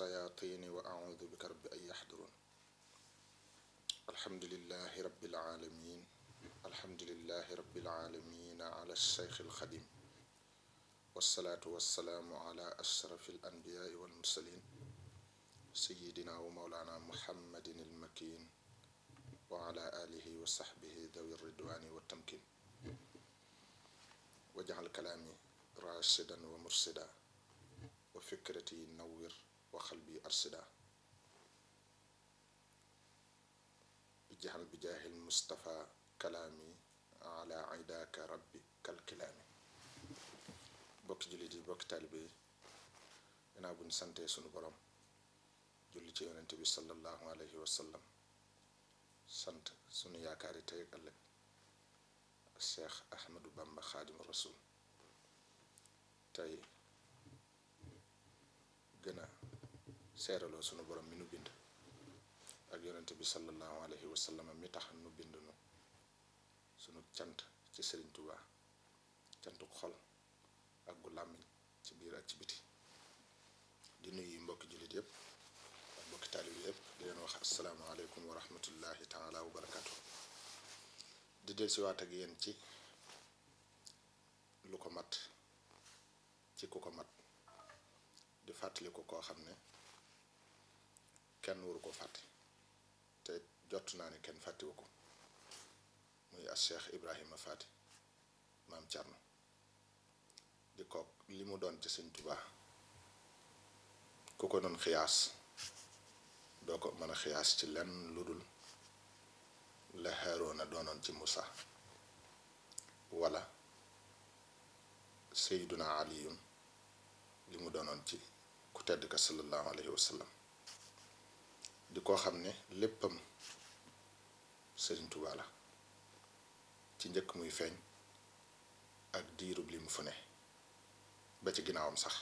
الشياطين وأعوذ بك رب أن يحضرون الحمد لله رب العالمين الحمد لله رب العالمين على الشيخ الخديم والصلاة والسلام على أشرف الأنبياء والمرسلين سيدنا ومولانا محمد المكين وعلى آله وصحبه ذوي الردوان والتمكين واجعل كلامي راشدا ومرشدا وفكرتي نور waxal bi arsida ijaxal bi jaahil mustafa kalaami ala idaaka rabbi kalkilaami bokki jullit yi bokki taalibe yi dinaa buñ santee sunu borom julli ci yonente bi sallallahu alayhi wa sant sunu yaakaari tey ak ëllëg cheikh ahmadu bamba xaadimu rasul tey gën seeraloo sunu borom mi nu bind ak yonente bi sallallahu alayhi wa sallam mi tax nu bind nu sunu cant ci Serigne Touba cantu xol ak gu làmmiñ ci biir ak ci biti di nuyu mbokki jullit yëpp ak mbokki taalib yëpp di leen wax asalaamaaleykum wa rahmatullahi taala wa barakaatu di dellusiwaat ak yéen ci lu ko mat ci ku ko mat di fàttali koo xam ne kenn waru ko fàtte te jot naa ne kenn fàttewu ko muy as cheikh Ibrahima Fati maam Thierno di ko li mu doon ci sëñ Tubaa ku ko doon xiyaas doo ko mën a xiyaas ci lenn lu dul la Haaroona doonoon ci Moussa wala Seyduna Aliyun li mu doonoon ci ku tedd ka sallallahu alayhi wa sallam di ko xam ne léppam Sëriñ Tuubaa ci njëkk muy feeñ ak diirub li mu fu ne ba ci ginnaawam sax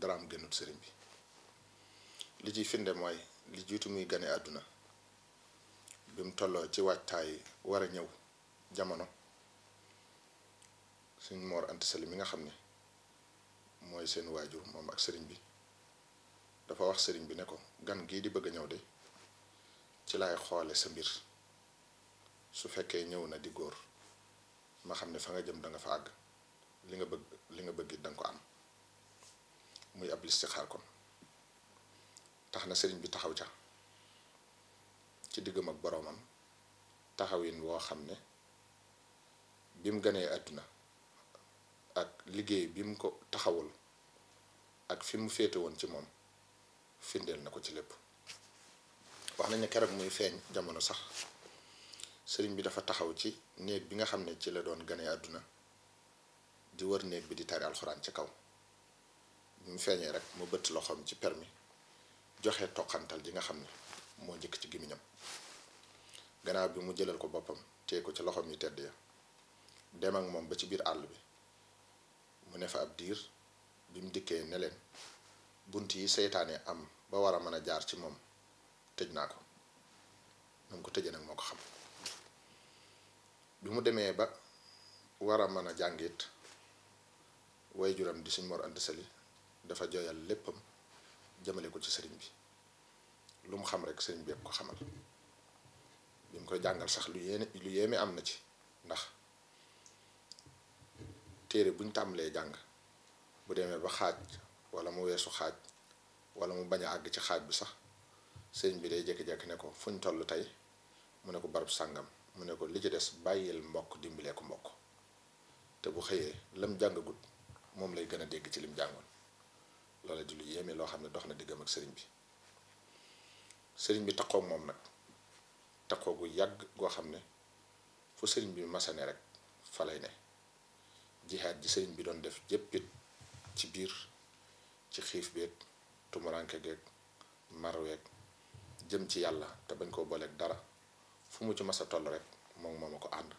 daraam gënut sëriñ bi li ciy finde mooy li jiitu muy gane àdduna bi mu tolloo ci waajtaay war a ñëw jamono suñ Mor Anta Sali mi nga xam ne mooy seen waajur moom ak sëriñ bi dafa wax sëriñ bi ne ko gan gii di bëgg ñëw de ci lay xoole sa mbir su fekkee ñëw na di góor ma xam ne fa nga jëm danga fa àgg li nga bëgg li nga bëgg danga ko am muy ab listixaar kon tax na sëriñ bi taxaw ca ci digguma ak boroomam taxawin woo xam ne bi mu ganee àdduna ak liggéey bi mu ko taxawul ak fi mu féete woon ci moom findeel na ko ci lépp wax nañ keroog muy feeñ jamono sax sëriñ bi dafa taxaw ci néeg bi nga xam ne ci la doon gane àdduna di wër néeg bi di tari alxuraan ci kaw bi mu feeñee rek mu bëtt loxoom ci permi joxe toqantal ji nga xam ne moo njëkk ci gémmiñam ganaar bi mu jëlal ko boppam téye ko ci loxoom yi tedd ya dem ak moom ba ci biir àll bi mu ne fa ab diir bi mu dikkee ne leen bunt yi seytaane am ba war a mën a jaar ci moom tëj naa ko na ko tëje nag moo ko xam bi mu demee ba war a mën a jàngit way juram di suñ Mor indi Sali dafa jooyal léppam jëmale ko ci sëriñ bi lu mu xam rek sëriñ bi yëpp ko xamal bi mu koy jàngal sax lu yéene lu yéeme am na ci ndax téere buñ tàmbalee jàng bu demee ba xaaj wala mu weesu xaaj wala mu bañ a àgg ci xaaj bi sax sëriñ bi day jékki-jékki ne ko fu ñu toll tey mu ne ko barab sàngam mu ne ko li ci des bàyyil mbokk dimbaleeku ko mbokk te bu xëyee lam jàngagut moom lay gën a dégg ci lim jàngoon loola di lu yéeme loo xam ne dox na diggam ak sëriñ bi sëriñ bi taxoo moom nag taxoo gu yàgg goo xam ne fu sëriñ bi masane rek falay ne jihaat ji sëriñ bi doon def jëppit ci biir ci xiif beeg tumuranke geeg marweeg jëm ci yàlla te bañ koo booleek dara fu mu ci mas a toll rek moom moo ma ko ànd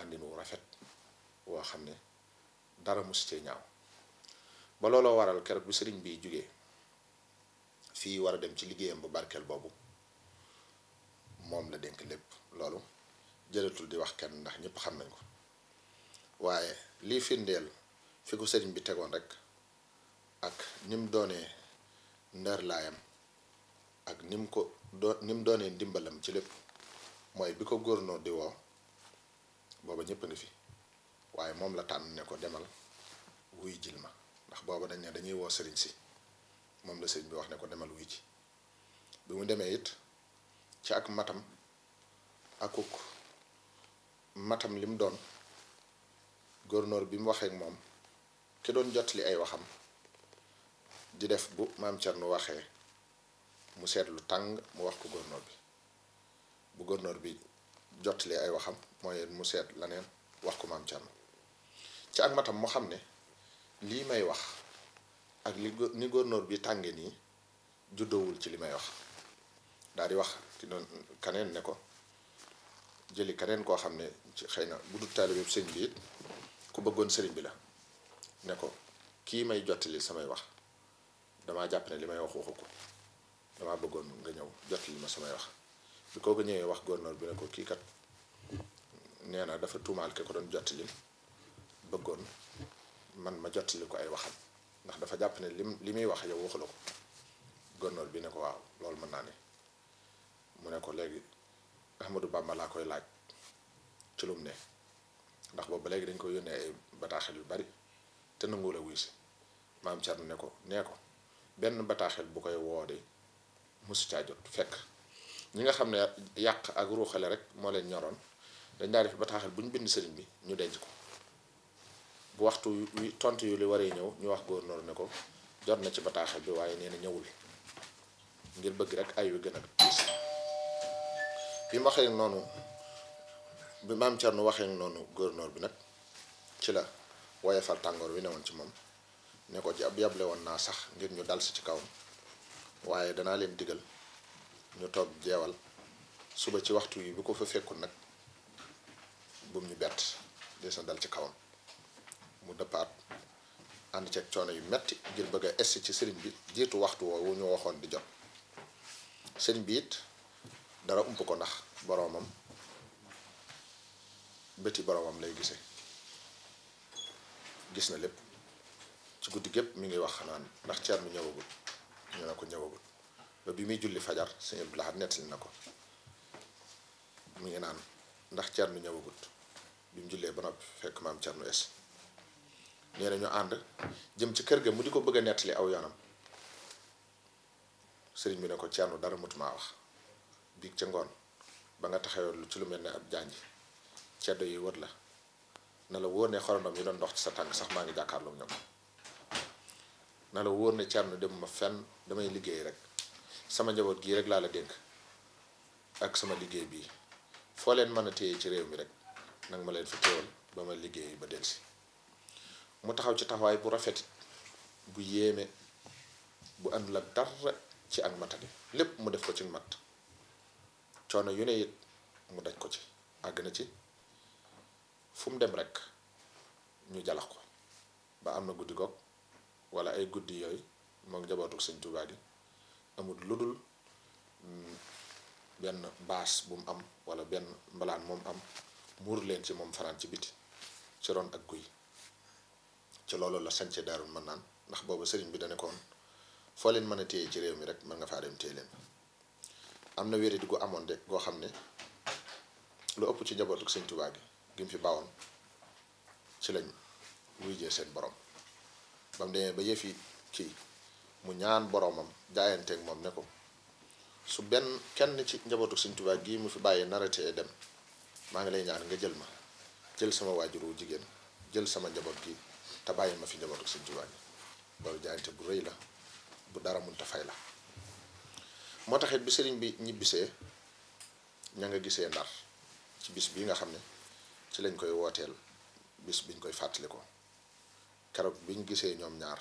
àndin wu rafet woo xam ne dara mosu cee ñaaw ba looloo waral keroog bu sëriñ bi jugee fii war a dem ci liggéeyam bu barkeel boobu moom la dénk lépp loolu jëlatul di wax kenn ndax ñépp xam nañ ko waaye lii firndeel fi ko sëriñ bi tegoon rek ak ni mu doonee nderlaayam ak ni mu ko doo ni mu doonee ndimbalam ci lépp mooy bi ko góornóor di woo booba ñëpp ngi fi waaye moom la tànn ne ko demal wuy jil ma ndax booba dañ ne dañuy woo sëriñ si moom la sëriñ bi wax ne ko demal wuy ji bi mu demee it ci ak matam akuk matam li doon góornóor bi mu waxee moom ki doon jot ay waxam di def bu maam nu waxee mu seet lu tàng mu wax ko gouverneur bi bu gouverneur bi jottali ay waxam mooy mu seet laneen wax ko maam Thierno ci ak matam mu xam ne lii may wax ak li ni gouverneur bi tànge nii juddoowul ci li may wax daal di wax ki doon kaneen ne ko jëli kaneen koo xam ne ci xëy na bu dul taalibe sëñ bi ku bëggoon sëriñ bi la ne ko kii may jottali samay wax damaa jàpp ne li may wax waxu ko damaa bëggoon nga ñëw jot li ma samay wax bi kooku ñëwee wax gouverneur bi ne ko kii kat nee na dafa tuumaal ke ko doon jot lim bëggoon man ma jottali ko ay waxam ndax dafa jàpp ne lim li muy wax yow waxu la ko gouverneur bi ne ko waaw loolu mën naa ne mu ne ko léegi Ahmadou Bamba laa koy laaj ci lum ne ndax boobu léegi dañ koy yónnee ay bataaxel yu bari te nanguwul a wuyu si maam Thierno ne ko nee ko. benn bataaxel bu koy woode mosu caa jot fekk ñi nga xam ne yàq ak ruuxale rek moo leen ñoroon dañ daa def bataaxel bu ñu bind sëriñ bi ñu denc ko bu waxtu wi tontu yu li waree ñëw ñu wax gouverneur ne ko jot na ci bataaxel bi waaye nee na ñëwul ngir bëgg rek ay wi gën a diis bi mu waxee noonu bi maam Thierno waxee noonu gouverneur bi nag ci la woyefal tàngoor wi newoon ci moom ne ko jab yable woon naa sax ngir ñu dal si ci kawam waaye danaa leen digal ñu toog jeewal suba ci waxtu wi bu ko fa fekkul nag bum ñu bett des na dal ci kawam mu dëppaat ànd ceeg coono yu metti ngir bëgg a ci sëriñ bi jiitu waxtu woowu ñu waxoon di jot sëriñ bi it dara ump ko ndax boroomam bëti boroomam lay gisee gis na lépp ci guddi gépp mu ngi wax naan ndax ceer mi ñëwagul ñu ne ko ñëwagul ba bi muy julli fajar sëñ Abdul Ahad nettali na ko mi ngi naan ndax ceer mi ñëwagul bi mu jullee ba noppi fekk maam ceer nu es nee na ñu ànd jëm ci kër ga mu di ko bëgg a nettali aw yoonam sëriñ bi ne ko ceernu dara mutuma wax biig ca ngoon ba nga taxawee lu ci lu mel ne ab jànj ceddo yi wër la na la wóor ne xorandoom yi doon dox ci sa tànk sax maa ngi jàkkaarloo ñoom na la wóor ne na dem ma fenn damay liggéey rek sama njaboot gii rek laa la dénk ak sama liggéey bii foo leen mën a téye ci réew mi rek nag ma leen fa teewal ba ma liggéey ba delsi mu taxaw ci taxawaay bu rafet bu yéeme bu àndul la dara ci ak matali lépp mu def ko ci matt coono yu ne it mu daj ko ci àgg na ci fu mu dem rekk ñu jalax ko ba am na guddi goog wala ay guddi yooyu moom jabootuk sëñ Tuubaa gi amul lu dul mm, benn baas bu mu am wala benn mbalaan moom am muur leen ci moom fanaan ci biti ci ron ak guy ci loolu la sañce daarul mën naan ndax boobu sëriñ bi da nekkoon foo leen mën a téye ci réew mi rek mën nga faa dem téye leen am na wéri di gu amoon de goo xam ne lu ëpp ci njabootuk sëñ Tuubaa gi gi mu fi baawoon ci lañ wuyjee seen borom ba mu demee ba yëf yi mu ñaan boromam jaayanteeg moom ne ko su benn kenn ci njabootu Sëñ Tuubaa gii mu fi bàyyi naratee dem maa ngi lay ñaan nga jël ma jël sama waajuru jigéen jël sama njaboot gi te bàyyi ma fi njabootu Sëñ Tuubaa gi loolu jaayante bu rëy la bu dara munta fay la moo taxit bi sëriñ bi ñibbisee ña nga gisee ndar ci bis bii nga xam ne ci lañ koy wooteel bis biñ koy fàttali ko keroog bi ñu gisee ñoom ñaar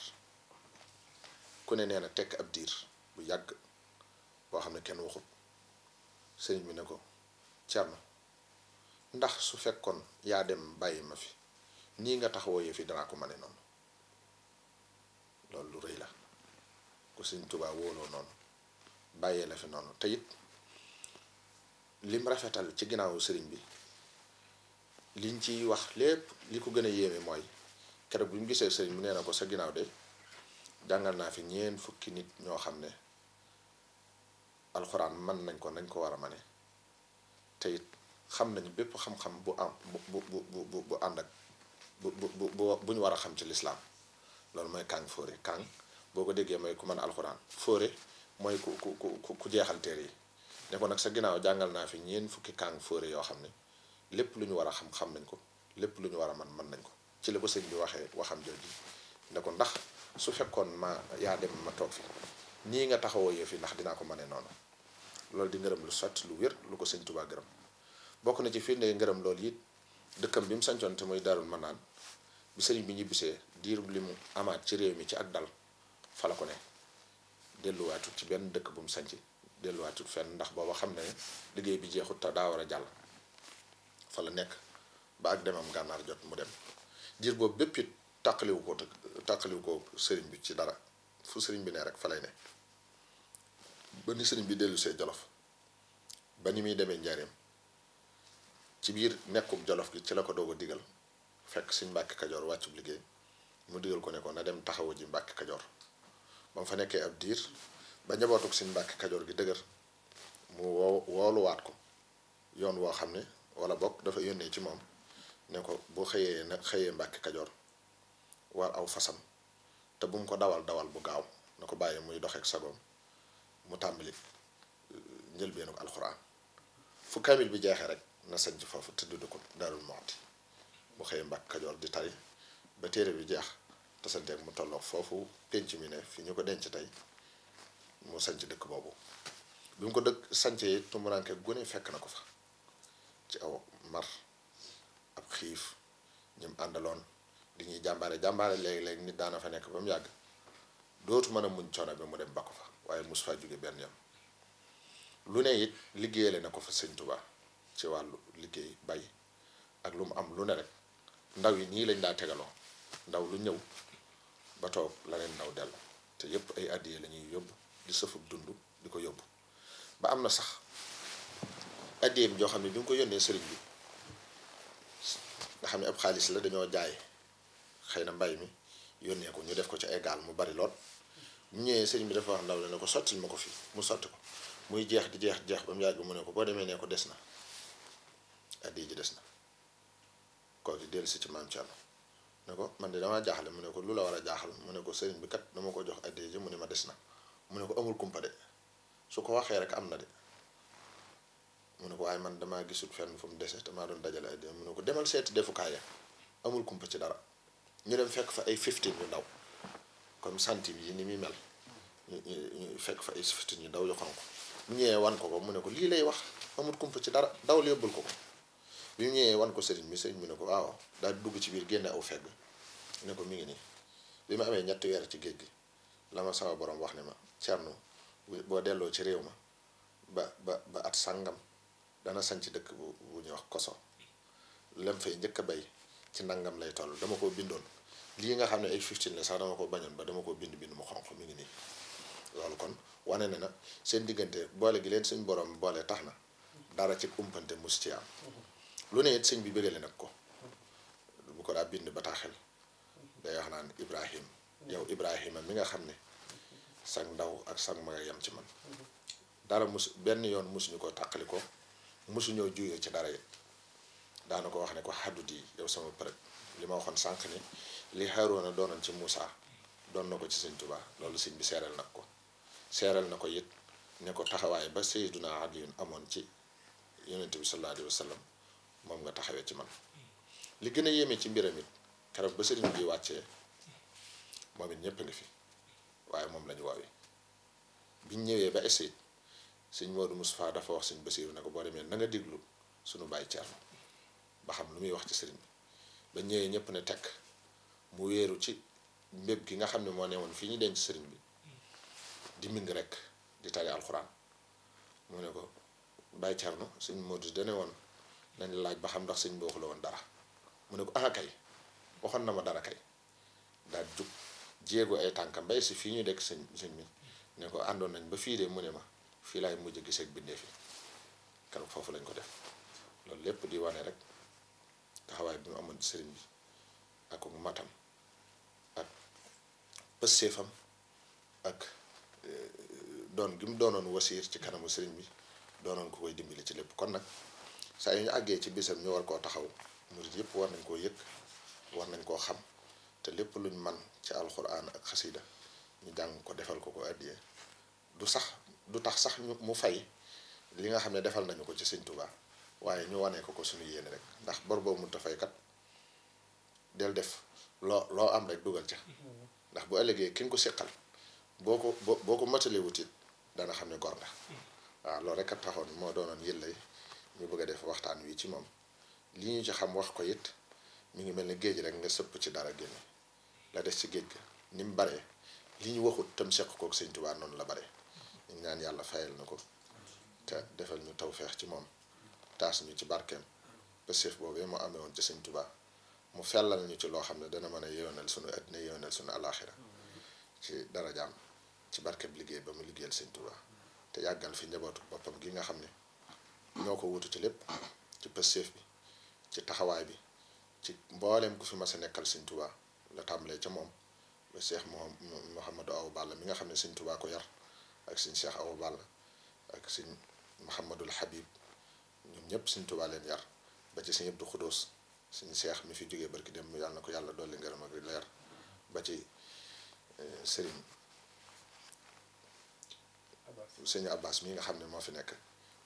ku ne nee na tekk ab diir bu yàgg boo xam ne kenn waxut sëriñ bi ne ko cer na ndax su fekkoon yaa dem bàyyi ma fi nii nga taxawoo yëf yi danaa ko mane noonu loolu lu rëy la ku sëriñ Tuubaa wóoloo noonu bàyyee la fi noonu te it lim rafetal ci ginnaawu sëriñ bi liñ ciy wax lépp li ko gën a yéeme mooy. keroog bi mu gisee sëriñ mu nee na ko sa ginnaaw de jàngal naa fi ñeen fukki nit ñoo xam ne alxuraan man nañ ko nañ ko war a mane te it xam nañ bépp xam bu am bu bu bu bu ñu war a xam ci lislaam loolu mooy kàng fóore boo ko déggee mooy alxuraan fóore mooy ku jeexal téere yi ne nag sa ginnaaw jàngal naa fi ñeen fukki kàng fóore yoo xam ne lépp lu ñu war a xam xam nañ ko lépp lu ñu war a man mën nañ ko ci la ko sëñ bi waxee waxam jooju ne ko ndax su fekkoon ma yaa dem ma toog fi nii nga taxawoo yëf yi ndax dinaa ko mënee noonu loolu di ngërëm lu sotti lu wér lu ko sëñ Tuubaa gërëm bokk na ci firnde ngërëm loolu it dëkkam bi mu sancoon te muy Daarul Manaan bi sëriñ bi ñibbisee diir li mu amaat ci réew mi ci ak dal fa la ko ne delluwaatut ci benn dëkk bu mu sanc delluwaatut fenn ndax booba xam ne liggéey bi jeexut te daa war a jàll fa la nekk ba ak demam gànnaar jot mu dem diir boobu bépp it tàqaliwu ko tàqaliwu ko sëriñ bi ci dara fu sëriñ bi ne rek fa lay ne ba ni sëriñ bi dellu see jolof ba ni muy demee njaareem ci biir nekkum jolof gi ci la ko doog a digal fekk suñ mbàkki kajoor wàccub liggéey mu digal ko ne ko na dem taxawu ji mbàkki kajoor ba mu fa nekkee ab diir ba njabootug suñ mbàkki kajoor gi dëgër mu woo wooluwaat ko yoon woo xam ne wala bokk dafa yónnee ci moom ne ko boo xëyee na xëyee Mbàkke Kajoor war aw fasam te bu mu ko dawal dawal bu gaaw na ko bàyyi muy doxeek sagoom mu tàmbali euh, njëlbeenu alxuraan fu kamil bi jeexee rek na sanc foofu te dudd ko Daarul Muxti bu xëyee Mbàkke Kajoor di tay ba téere bi jeex te santeeg mu tolloog foofu penc mi ne fi ñu ko denc tey mu sanc dëkk boobu bi mu ko dëkk sancee tumuranke gune fekk na ko fa ci aw mar ab xiif ñim àndaloon di ñuy jàmbaare jàmbaare léegi-léegi nit daana fa nekk ba mu yàgg dootu mën a muñ coono bi mu dem bakku fa waaye mos faa jóge benn yoon lu ne it liggéeyale na ko fa sëñ Tuba ci wàllu liggéey bay ak lu mu am lu ne rek ndaw yi nii lañ daa tegaloo ndaw lu ñëw ba toog la leen ndaw dellu te yépp ay àddiya lañuy yóbbu di sëfub dund di ko yóbbu ba am na sax àddiya bi joo xam ne bi nga ko yónnee sëriñ bi xam ne ab xaalis la dañoo jaay xëy na mbay mi yónnee ko ñu def ko ci ay gaal mu bari lool bu ñëwee sëñ bi dafa wax ndaw la ne ko sottil ma ko fii mu sotti ko muy jeex di jeex jeex ba mu yàgg mu ne ko boo demee ne ko des na addi ji des na kooku dellu si ci maam Thierno ne ko man de damaa jaaxle mu ne ko lu la war a jaaxal mu ne ko sëriñ bi kat dama ko jox addi ji mu ne ma des na mu ne ko amul kumpa de su ko waxee rek am na de. mu ne ko waaye man damaa gisul fenn fu mu dese te doon dajale ay mu ne ko demal seet defukaay ya amul kumpa ci dara ñu dem fekk fa ay fifteen yu ndaw comme centime yi ni muy mel ñu ñu fekk fa ay fifteen yu ndaw yu xonk wan ko ko mu ne ko lii lay wax amul kumpa ci dara daw dawal yóbbul ko ko bi mu ñëwee wan ko sëriñ bi sëriñ mu ne ko waaw daal dugg ci biir génne aw fegg ne ko mu ngi nii bi ma amee ñetti weer ci géej gi la ma sama borom wax ne ma Cerno boo delloo ci réew ma ba ba ba at dana ci dëkk bu bu ñuy wax koso lem fay njëkk a bay ci nangam lay toll dama ko bindoon lii nga xam ne ay 15 la sax dama ko bañoon ba dama ko bind bind mu xonq mi ngi nii loolu kon wane ne na seen diggante boole gi leen suñ boroom boole tax na dara ci umpante mus ci am lu ne it sëñ bi leen nag ko bu ko daa bind bataaxel day wax naan Ibrahim yow Ibrahima mi nga xam ne sang ndaw ak sang ma yam ci man dara mus benn yoon mus ñu ko tàqali ko mosuñoo juyee ci dara it daana ko wax ne ko xaddut yi yow sama përëg li ma waxoon sànq ni li Haaruna doonoon ci Moussa doon na ko ci sëñ Tuubaa loolu sëñ bi seeral nag ko seeral na ko yit ne ko taxawaay ba naa Sayyiduna Aliyun amoon ci yonent bi sallallahu alayhi wa sallam moom nga taxawee ci man li gën a yéeme ci mbiram it keroog ba sëriñ bi wàcce moom it ñëpp ngi fi waaye moom la ñu woowee ñëwee ba essayé sëñ Modou Moustapha dafa wax sëñ Basiiru ne ko boo demee na nga déglu suñu bàyyi Cerno ba xam lu muy wax ci sëriñ bi ba ñëwee ñëpp ne teg mu wéeru ci mbéb gi nga xam ne moo ne woon fii ñu denc sëriñ bi di ming rek di tari alxuraan mu ne ko bàyyi Cerno sëñ Modou dane woon nañ laaj ba xam ndax sëñ bi la woon dara mu ne ko ah kay waxoon na ma dara kay daal jug jéego ay tànkam mbay si fii ñu dekk sëñ sëñ bi ne ko àndoon nañ ba fii de mu ne ma fii laay mujj gisee bindee fi keroog foofu lañ ko def loolu lépp di wane rek taxawaay bi mu amoon ci sëriñ bi ak matam ak pësseefam ak euh, doon gi mu doonoon wasiir ci kanamu sëriñ bi doonoon ko koy dimbali ci lépp kon nag saa yu ñu àggee ci bisam ñu war koo taxaw murid yëpp war nañ koo yëg war nañ koo xam te lépp luñ man ci alxuraan ak xasida ñu jàng ko defal ko ko addiyee du sax du tax sax ñu mu fay li nga xam ne defal nañu ko ci sëñ Touba waaye ñu wanee ko ko suñu yéene rek ndax bor boo mënta fay kat del def loo loo am rek dugal ca ndax bu ëllëgee ki ko seqal boo ko boo ko matalee wutit dana xam ne gor nga waaw loolu rek a taxoon moo doonoon yëllay ñu bëgg a def waxtaan wi ci moom li ñu ci xam wax ko it mi ngi mel ni géej rek nga sëpp ci dara génne la des ci géej ga ni mu baree li ñu waxut tam seq kook sëñ Tuubaa noonu la bare ñu ñaan yàlla fayal na ko te defal ñu taw feex ci moom taas ñu ci barkeem ba séef boobu mu amee woon ci sëñ Tuubaa mu fellal ñu ci loo xam ne dana mën a yéwénal sunu àddina yéwénal sunu alaaxira ci dara jaam ci barkeb liggéey ba mu liggéeyal sëñ Tuubaa te yàggal fi njabootu boppam gi nga xam ne ñoo ko wutu ci lépp ci pëstéef bi ci taxawaay bi ci mbooleem ku fi mas a nekkal sëñ tubaa la tàmbalee ca moom ba Seex Muhammadu Awa Balla mi nga xam ne sëñ Tuubaa ko yar ak sëñ Cheikh Awa Balla ak sëñ Mouhamadul Habib ñoom ñëpp sëñ Tuubaa leen yar ba ci sëñ Abdou Khoudous sëñ Cheikh mi fi jógee barki dem yàlla na ko yàlla dool li ak leer ba ci eh, sëriñ sëñ Abbas nga xam ne moo fi nekk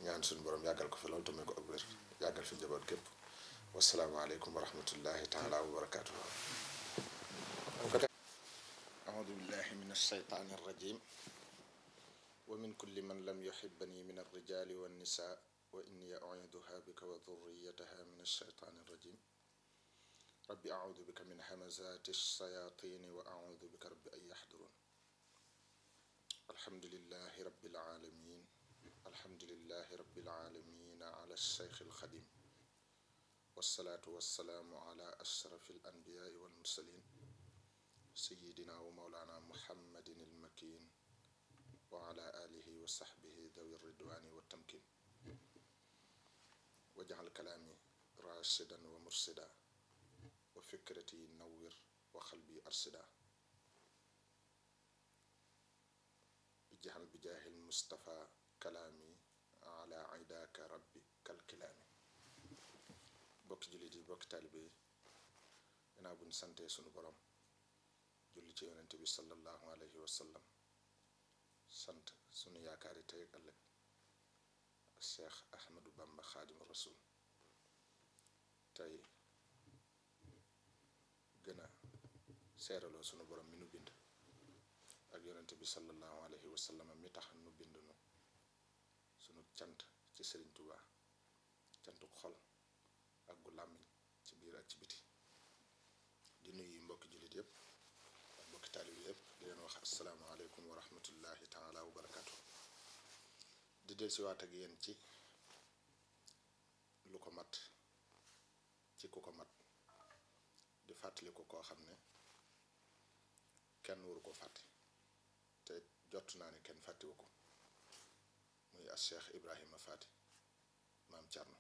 ñaan suñu borom yàggal ko fi loolu tamit ko ak wér yàggal fi njaboot képp wasalaamaaleykum wa rahmatullahi taala wa barakatuhu أعوذ بالله wa min kulli man lam yuhibbani min alrijali wannisaa wa inni u'iiduha bika wa dhurriyataha min alshaytaani irrajim rabbi audu bika min hamazaati sayatini wa audu bika rabbi an yaxduruun alhamdulilahi rabbil alamin alhamdulilahi rabbil alamin ala alsheykh alxadim wasalaatu wasalaamu ala ashraf alanbiyaai walmursalin sayidina wa mawlana muhammadin almakin wa ala alihi wa sahbihi dawi ridwaani wa tamkin wa jaxal kalaami rashidan wa mursida wa fikrati nawwir wa arsida bi jaxal bi jaahil mustafa kalaami ala aydaaka rabbi kal bokki jullit yi bokki taalibe yi dinaa buñ santee sunu borom julli ci yonente bi sallallahu alayhi wa sant sunu yaakaar tey ak ëllëg Cheikh Ahmadou Bamba Xaadimu Rasuul tey gën a seeraloo sunu borom mi nu bind ak yonent bi sallallahu alayhi wa mi tax nu bind nu sunu cant ci Sëriñ Tuubaa cantuk xol ak gu làmmiñ ci biir ak ci biti di nuy mbokki jullit yépp mbokki taalibe yëpp di leen wax asalaamaaleykum wa rahmatullahi taala wa barakaatu di del siwaat ak yéen ci lu ko mat ci ku ko mat di fàttali ko koo xam ne kenn waru ko fàtti te jot naa ne kenn fàttiwu ko muy as cheikh Ibrahima Faty maam Thierno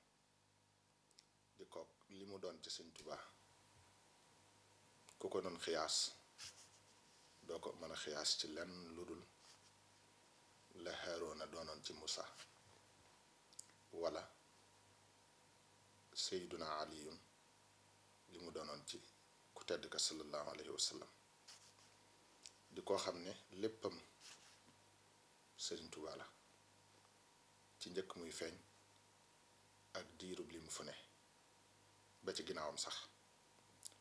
di ko li mu doon ci sëñ Tuubaa ku ko doon xiyaas xiyaas ci lenn lu dul la Haaroona doonoon ci Musa wala Seyduna Aliyun li mu doonoon ci ku tedd ka sallallahu alayhi wa di ko xam ne léppam Sëriñ Tuubaa ci njëkk muy feeñ ak diirub li mu fu ne ba ci ginnaawam sax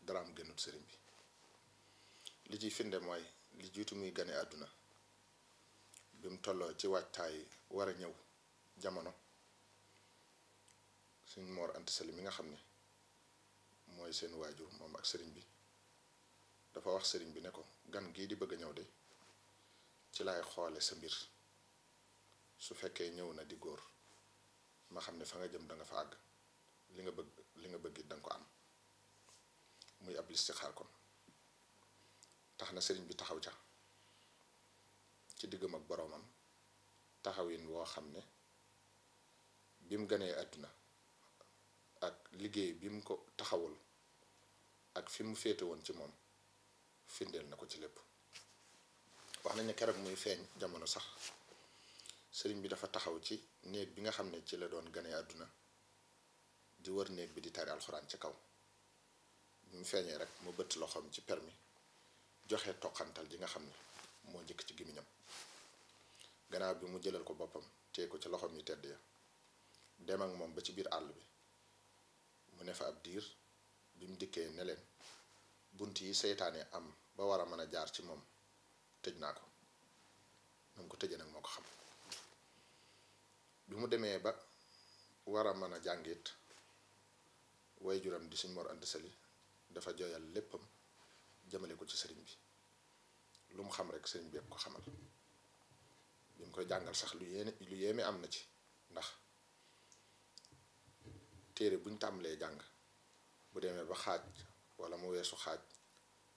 daraam gënut sëriñ bi li ciy finde mooy li jiitu muy gane àdduna bi mu tolloo ci waajtaay war a ñëw jamono suñ Mor Anta Sali mi nga xam ne mooy seen waajur moom ak sëriñ bi dafa wax sëriñ bi ne ko gan gii di bëgg a ñëw de ci laay xoole sa mbir su fekkee ñëw na di góor ma xam ne fa nga jëm danga fa àgg li nga bëgg li nga bëgg danga ko am muy ab listixaar kon tax na sëriñ bi taxaw ca ci diggam ak boroomam taxawin woo xam ne bi mu ganee àdduna ak liggéey bi mu ko taxawul ak fi mu féete woon ci moom findeel na ko ci lépp wax nañ keroog muy feeñ jamono sax sëriñ bi dafa taxaw ci néeg bi nga xam ne ci la doon ganee àdduna di wër néeg bi di tari alxuraan ci kaw bi mu feeñee rek mu bëtt loxoom ci permi joxe toqantal ji nga xam ne moo njëkk ci gémmiñam gannaaw bi mu jëlal ko boppam téye ko ci loxoom yi tedd ya dem ak moom ba ci biir àll bi mu ne fa ab diir bi mu dikkee ne leen bunt yi seytaanee am ba war a mën a jaar ci moom tëj naa ko nu ko tëjee nag moo ko xam bi mu demee ba war a mën a jàngit waajuram di suñ Mor indi Sali dafa jooyal léppam jëmale ko ci sëriñ bi lu mu xam rek sëriñ bi ko xamal bi mu koy jàngal sax lu yéene lu yéeme am na ci ndax téere buñ tàmbalee jàng bu demee ba xaaj wala mu weesu xaaj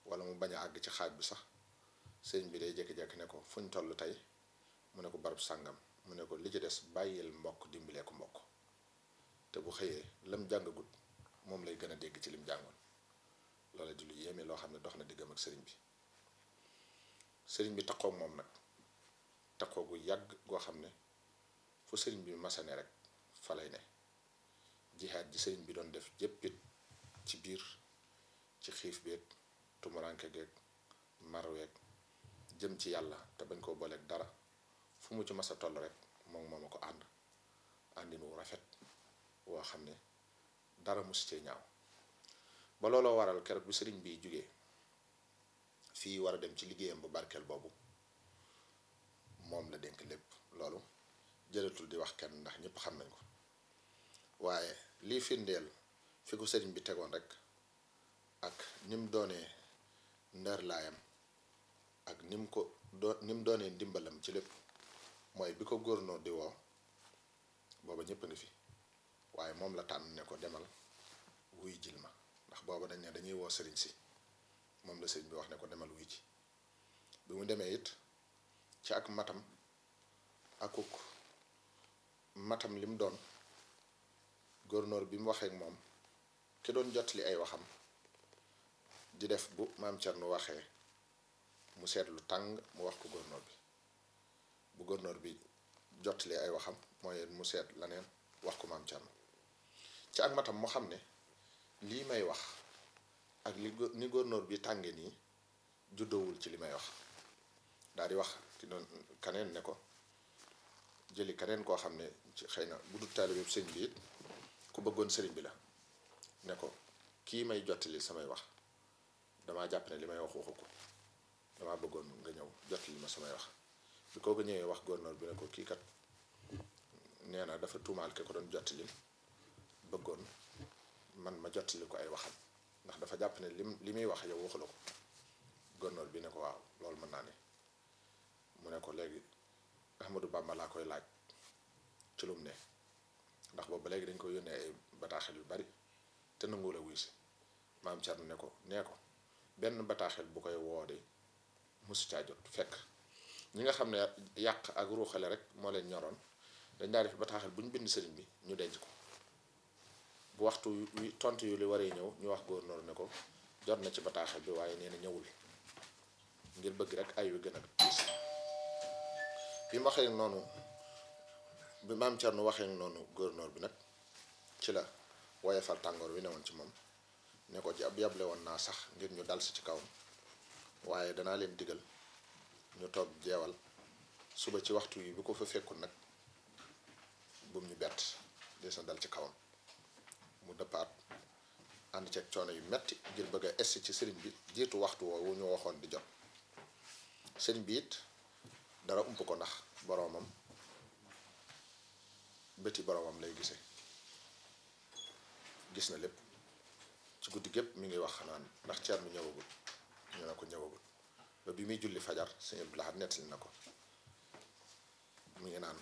walla mu bañ a àgg ci xaaj bi sax sëriñ bi day jékki-jékki ne ko fuñ toll tey mu ne ko barab sàngam mu ne ko li ci des bàyyil mbokk dimbalee ko mbokk te bu xëyee lam jàngagut moom lay gën a dégg ci lim jàngoon loola di lu yéeme loo xam ne dox na diggam ak sëriñ bi sëriñ bi taxoo moom nag taxoo gu yàgg goo xam ne fu sëriñ bi masane rek falay ne jixaat ji sëriñ bi doon def jéppit ci biir ci xiif beeg tumuranke geeg marweeg jëm ci yàlla te bañ koo booleek dara fu mu ci masa toll rek moom mooma ko ànd àndin wu rafet woo xam ne dara musu cee ñaaw ba looloo waral keroog bi sëriñ bi jugee fii war a dem ci liggéeyam bu barkeel boobu moom la dénk lépp loolu jëlatul di wax kenn ndax ñëpp xam nañ ko waaye lii firndeel fi ko sëriñ bi tegoon rek ak ni mu doonee ndër ak ni mu ko doo ni mu doonee ndimbalam ci lépp mooy bi ko góornoo di woo booba ñëpp ngi fi waaye moom la tànn ne ko demal wuy jil ndax booba dañ ne dañuy woo sëriñ si moom la sëriñ bi wax ne ko demal wuy ci bi mu demee it ci ak matam akuk matam lim doon gouverneur bi mu waxee moom ki doon jottali ay waxam di def bu maam Cerno waxee mu seetlu tàng mu wax ko gouverneur bi bu gouverneur bi jottali ay waxam mooy mu seet laneen wax ko maam Cerno ci ak matam mu xam ne lii may wax ak li ni góornóor bi tànge nii juddowul ci li may wax daal di wax ki doon kaneen ne ko jëli kaneen koo xam ne ci xëy na bu dul taalibe sëñ bi it ku bëggoon sëriñ bi la ne ko kii may jottali samay wax damaa jàpp ne li may wax waxu ko damaa bëggoon nga ñëw jottali ma samay wax bi ko ko ñëwee wax góornóor bi ne ko kii kat nee naa dafa tuumaal ke ko doon jottali bëggoon man ma jot jottali ko ay waxam ndax dafa jàpp ne lim li muy wax yow waxula ko gornoor bi ne ko waaw loolu mën naa ne mu ne ko léegi Ahmadou Bamba laa koy laaj ci lum ne ndax boobu léegi dañ koy yónnee ay bataaxel yu bari te nanguwul wuy si maam Thierno ne ko nee ko benn bataaxel bu koy woo de mosu caa jot fekk ñi nga xam ne yàq ak ruuxale rek moo leen ñoroon dañ daa def bataaxel bu ñu bind sëriñ bi ñu denc ko. bu waxtu wi tontu yu li waree ñëw ñu wax gouverneur ne ko jot na ci bataaxal bi waaye nee na ñëwul ngir bëgg rek ay wi gën a tiis bi mu waxee noonu bi maam Thierno waxee noonu gouverneur bi nag ci la woyefal tàngoor wi newoon ci moom ne ko jab yable woon naa sax ngir ñu dal si ci kawam waaye danaa leen digal ñu toog jeewal suba ci waxtu wi bu ko fa fekkul nag bum ñu bett des na dal ci kawam mu dëppaat ànd ceeg coono yu metti ngir bëgg a ci sëriñ bi jiitu waxtu woowu ñu waxoon di jot sëriñ bi it dara ump ko ndax boroomam bëti boroomam lay gise gis na lépp ci guddi gépp mu ngi wax naan ndax ceer mi ñëwagul ñu ne ko ñëwagul ba bi muy julli fajar sëñ Abdou Lahad nettali na ko mi ngi naan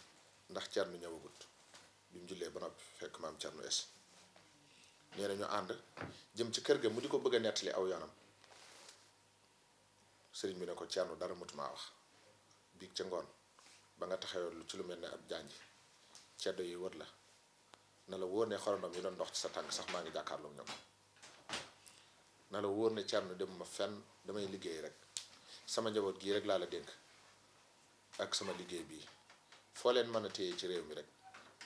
ndax ceer mi ñëwagul bi mu jullee ba noppi fekk maam ceer nu es nee ñu ànd jëm ci kër gi mu di ko bëgg a nettali aw yoonam sëriñ bi ne ko Thierno dara mutuma wax biig ca ngoon ba nga taxawee lu ci lu mel ne ab jànj ceddo yi wër la na la wóor ne xorondom yi doon ndox ci sa tànk sax maa ngi jàkkaarloo ñoom na la wóor ne Thierno ma fenn damay liggéey rek sama njaboot gii rek laa la dénk ak sama liggéey bii foo leen mën a téye ci réew mi rek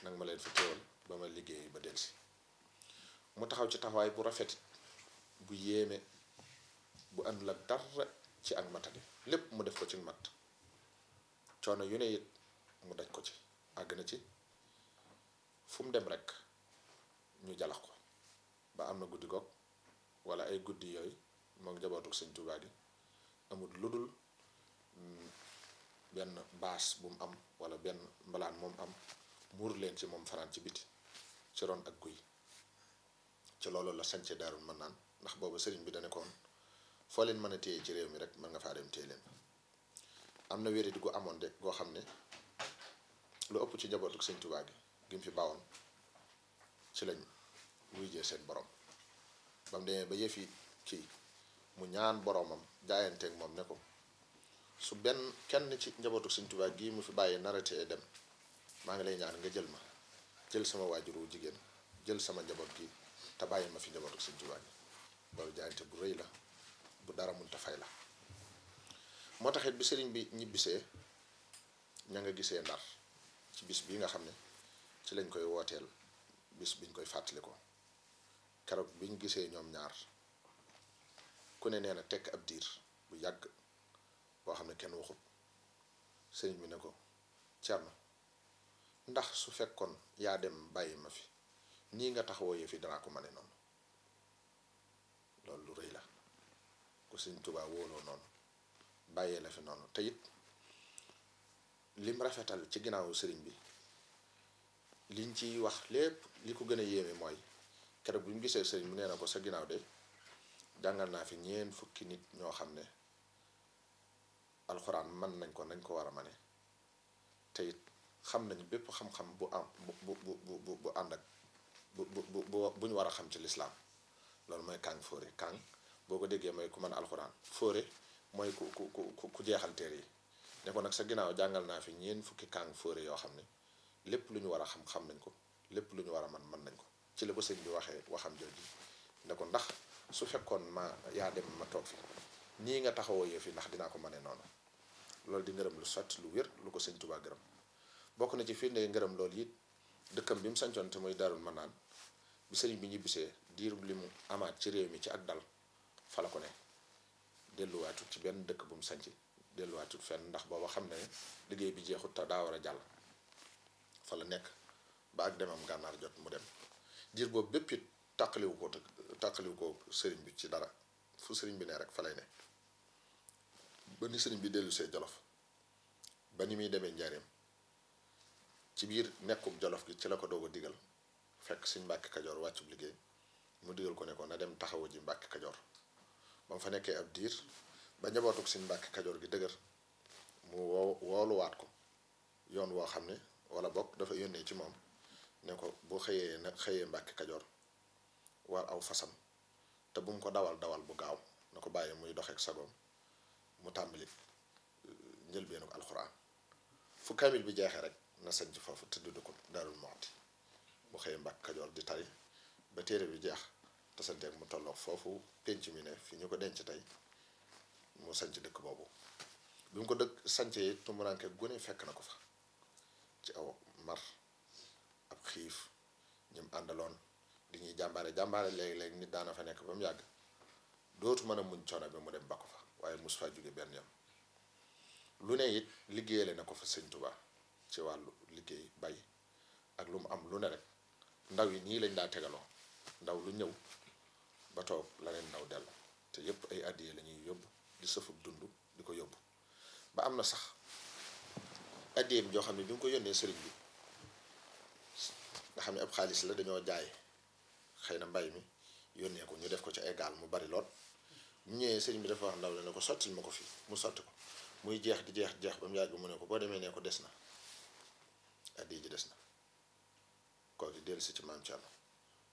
nag ma leen fi teewal ba ma liggéey ba delsi mu taxaw ci taxawaay bu rafet bu yéeme bu àndul ak dara ci ak matali lépp mu def ko ci matt coono yu ne it mu daj ko ci àgg na ci fu dem rek ñu jalax ko ba am na guddi goog walla ay guddi yooyu moom njabootuk sëñ Tuubaa gi amul ludul mm, benn baas bu mu am wala benn mbalaan moom am muur leen ci moom fanaan ci biti ci ron ak guy ci loolu la sañce daarul mën naan ndax boobu sëriñ bi da nekkoon foo leen mën a téye ci réew mi rek mën nga faa dem téye leen am na wérit gu amoon de goo xam ne lu ëpp ci njabootu sëñ Tuubaa gi mu fi bawoon ci lañ wuyjee borom ba mu demee ba yëfi kii mu ñaan boromam jaayanteeg moom ne ko su benn kenn ci njabootu sëñ gii mu fi bàyyi naratee dem maa ngi lay ñaar nga jël ma jël sama waajuru jigéen jël sama njaboot gi bàyyi ma fi njabootu sëñ Tuubaa gi loolu jaayante bu rëy la bu dara mënta fay la moo taxit bi sëriñ bi ñibbisee ña nga gisee ndar ci bis bii nga xam ne ci lañ koy wooteel bis biñ koy fàttali ko keroog bi ñu gisee ñoom ñaar ku ne nee na tekk ab diir bu yàgg boo xam ne kenn waxut sëriñ bi ne ko cer na ndax su fekkoon yaa dem bàyyi ma fi nii nga taxawoo yëf yi danaa ko mane noonu loolu lu rëy la ku sëñ Tuubaa wóoloo noonu bàyyee la fi noonu te it lim rafetal ci ginnaawu sëriñ bi liñ ciy wax lépp li ko gën a yéeme mooy kere bi mu gisee sëriñ bi nee na ko sa ginnaaw de jàngal naa fi ñeen fukki nit ñoo xam ne alxuraan man nañ ko nañ ko war a mane te xam nañ bépp xam-xam bu am bu bu bu bu ànd ak. bu bu bu ñu war a xam ci lislaam loolu mooy kàng fóore kàng boo ko déggee mooy ku man alxuraan fóore mooy ku ku ku ku jeexal téere yi ne ko nag sa ginnaaw jàngal naa fi ñeen fukki kàng fóore yoo xam ne lépp lu ñu war a xam xam nañ ko lépp lu ñu war a man mën nañ ko ci la ko bi waxee waxam jooju ne ko ndax su fekkoon ma yaa dem ma toog fi nii nga taxawoo yëf yi ndax dinaa ko mënee noonu loolu di ngërëm lu sotti lu wér lu ko sëñ Tuubaa gërëm bokk na ci firnde ngërëm loolu it dëkkam bi mu sancoon te muy ma naan bi sëriñ bi ñibbisee diir li mu amaat ci réew mi ci ak dal fala ko ne delluwaatu ci benn dëkk bu mu sanc delluwaatu fenn ndax booba xam ne liggéey bi jeexut te daa war a jàll fa la nekk ba ak demam gànnaar jot mu dem diir boobu bépp it tàqaliwu ko tàqaliwu ko sëriñ bi ci dara fu sëriñ bi ne rek fa lay ne ba ni sëriñ bi dellusee Jolof ba ni muy demee njaareem ci biir nekkub jolof gi ci la ko doog digal fekk suñ mbàkki kajoor wàccub liggéey mu digal ko ne ko na dem taxawu ji mbàkki kajoor ba mu fa nekkee ab diir ba njabootug suñ mbàkki kajoor gi dëgër mu woo wooluwaat ko yoon woo xam ne wala bokk dafa yónnee ci moom ne ko boo xëyee na xëyee mbàkki kajoor war aw fasam te bu mu ko dawal dawal bu gaaw na ko bàyyi muy doxeek sagoom mu tàmbali euh, njëlbeenu alxuraan fu kamil bi jeexee rek na sanc foofu te dudd ko daarul moxti mu xëyee mbàkk kajoor di tari ba téere bi jeex te santeeg mu tolloog foofu penc mi ne fi ñu ko denc tey mu sanc dëkk boobu bi mu ko dëkk sancee tumuranke gune fekk na ko fa ci aw mar ab xiif ñim àndaloon di ñuy jàmbaare jàmbaare léegi-léegi nit daana fa nekk ba mu yàgg dootu mën a muñ coono bi mu dem ba fa waaye mus faa jóge benn yoon lu ne it liggéeyale na ko fa sëñ Tuubaa ci wàllu liggéey bay ak lu mu am lu ne rek ndaw yi nii lañ daa tegaloo ndaw lu ñëw ba toog la leen ndaw dellu te yépp ay addiye la ñuy yóbbu di sëfub dund di ko yóbbu ba am na sax addiye bi joo xam ne bi nga ko yónnee sëriñ bi nga xam ne ab xaalis la dañoo jaay xëy na mbay mi yónnee ko ñu def ko ci ay gaal mu bari lool ñu bi dafa wax la ne ko sottil ma ko fii mu sotti ko muy jeex di jeex jeex ba mu yàgg mu ne ko boo demee ne ko des na addi ji des na kooku dellu si ci maam Thierno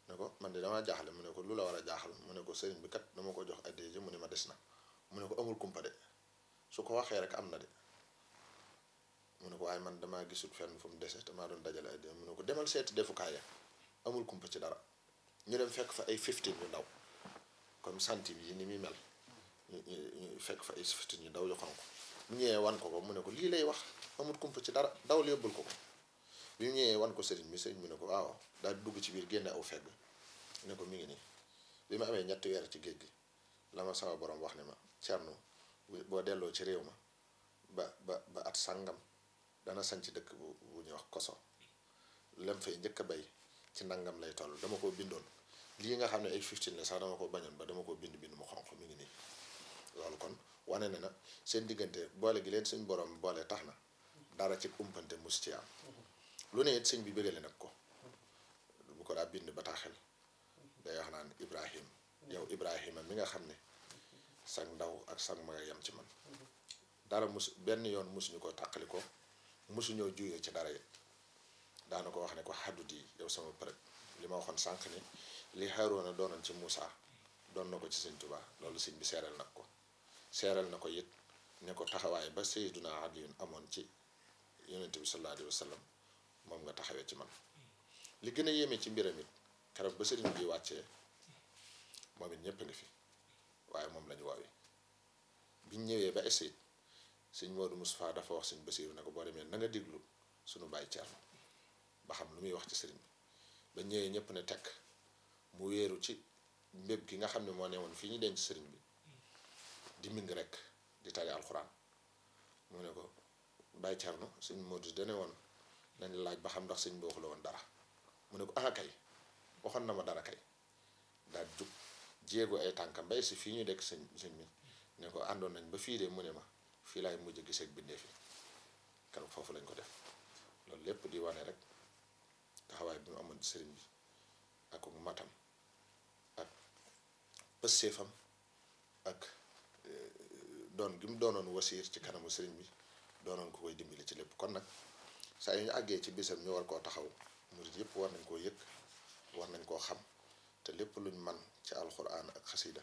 ne ko man de damaa jaaxle mu ne ko lu la war a jaaxal mu ne ko sëriñ bi kat dama ko jox addi ji mu ne ma des na mu ne ko amul kumpa de su ko waxee rek am na de mu ne ko waaye man damaa gisul fenn fu mu dese te doon dajale addi mu ne ko demal seeti defukaay ya amul kumpa ci dara ñu dem fekk fa ay 15 yu ndaw comme centime yi ni muy mel ñu fekk fa ay 15 yu ndaw yu xonk mu ñëwee wan ko ko mu ne ko lii lay wax amul kumpa ci dara daw yóbbul ko. bi mu ñëwee wan ko sëriñ bi sëriñ mu ne ko waaw daal di dugg ci biir génne aw fegg ne ko mi ngi nii bi ma amee ñetti weer ci géej gi la ma sama boroom wax ne ma Cerno boo delloo ci réew ma ba ba ba at sàngam dana sañ ci dëkk bu bu wax koso lem fay njëkk a bay ci nangam lay toll dama ko bindoon lii nga xam ne ay 15 la sax dama ko bañoon ba dama ko bind bind mu xonq mi ngi nii loolu kon wane ne na seen diggante boole gi leen suñ borom boole tax na dara ci umpante mus ci lu ne it sëñ bi bëri la nag ko bu ko daa bind bataaxel day wax naan Ibrahim yow Ibrahima mi nga xam ne sag ndaw ak sag mag a yem ci man dara mus benn yoon musuñu ko tàqali ko musuñoo juyee ci dara yëpp daana ko wax ne ko xaddut yi yow sama përëb li ma waxoon sànq ni li Haaruna doonoon ci Moussa doon na ko ci sëñ Tuubaa loolu sëñ bi seeral nag ko seeral na ko it ne ko taxawaay ba Sayyiduna Aliyun amoon ci yonente bi sallallahu alayhi wa moom nga taxawee ci man li gën a yéeme ci mbiram it keroog ba sëriñ bi wàcce moom it ñëpp ngi fi waaye moom lañu woowi biñ ñëwee ba essayé sëñ Modou Moustapha dafa wax sëñ Basiiru ne ko boo demee na nga déglu suñu bàyyi Cerno ba xam lu muy wax ci sëriñ bi ba ñëwee ñëpp ne tekk mu wéeru ci mbéb gi nga xam ne moo ne woon fii ñu denc sëriñ bi di ming rek di tari alxuraan mu ne ko bàyyi Cerno sëñ Modou woon nañ laaj ba xam ndax sëñ bi la woon dara mu ne ko ah kay waxoon na ma dara kay daal jub jéego ay tànkam mbay si fii ñu dekk sëñ sëñ bi ne ko àndoon nañ ba fii de mu ne ma fii laay mujj gisee ak bindee fi kan foofu lañ ko def loolu lépp di wane rek taxawaay bi mu amoon sëriñ bi ak matam ak pësseefam ak euh, doon gi mu doonoon wasiir ci kanamu sëriñ bi doonoon ko koy dimbali ci lépp kon nag saa yi ñu àggee ci bisam ñu war koo taxaw murit yëpp war nañ koo yëg war nañ koo xam te lépp luñ man ci alxuraan ak xasida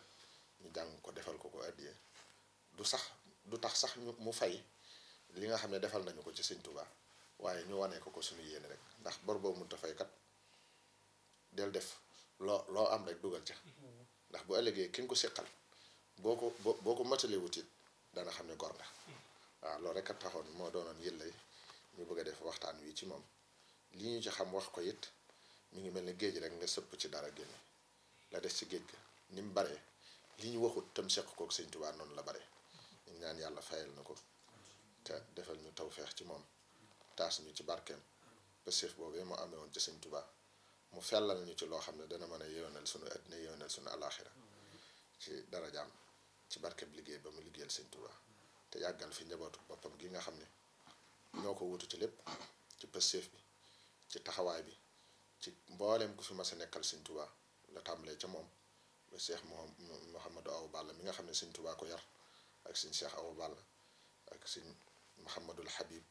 ñu jàng ko defal ko ko addiyee du sax du tax sax ñu mu fay li nga xam ne defal nañu ko ci sëñ Tuubaa waaye ñu wanee ko ko suñu yéene rek ndax bor boo mënta fay kat del def loo loo am rek dugal ca ndax bu ëllëgee ki ko seqal boo ko boo ko matale wutit dana xam ne gor nga waaw loolu rek a taxoon moo doonoon yëllay waxtaan wi ci moom li ñu ci xam wax ko yit mu ngi mel ni géej rek nga sëpp ci dara génn la def ci géej ga ni mu bare li ñu waxut tam seq kook sëñ Tuubaa noonu la bare ñu ñaan yàlla fayal na ko te defal ñu taw tawfeex ci moom taas ñu ci barkeem ba séef boobee moo amee woon ci sëñ Tuubaa mu fellal ñu ci loo xam ne dana mën a yewenal sunu àddina yewenal sunu alaaxira ci dara jaam ci barkeb liggéey ba mu liggéeyal sëñ Tuubaa te yàggal fi njabootu boppam gi nga xam ne ñoo ko wutu ci lépp ci pëstéef bi ci taxawaay bi ci mbooleem ku fi ma a nekkal Sëñ tubaa la tàmbalee ca moom ba Cheikh moom Mouhamadou Awa Balla mi nga xam ne Sëñ Tuubaa ko yar ak Sëñ Cheikh Awa Balla ak Sëñ Mouhamadul Habib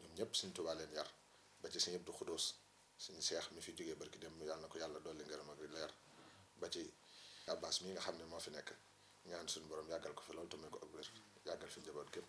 ñoom ñëpp Sëñ Tuubaa leen yar ba ci Sëñ Abdu Xudoos Sëñ Cheikh mi fi jógee barki dem yàlla na ko yàlla dolli ngërëm ak leer ba ci Abbas mi nga xam ne moo fi nekk ñaan suñu borom yàggal ko fi loolu tamit ko ak wér yàggal fi njaboot képp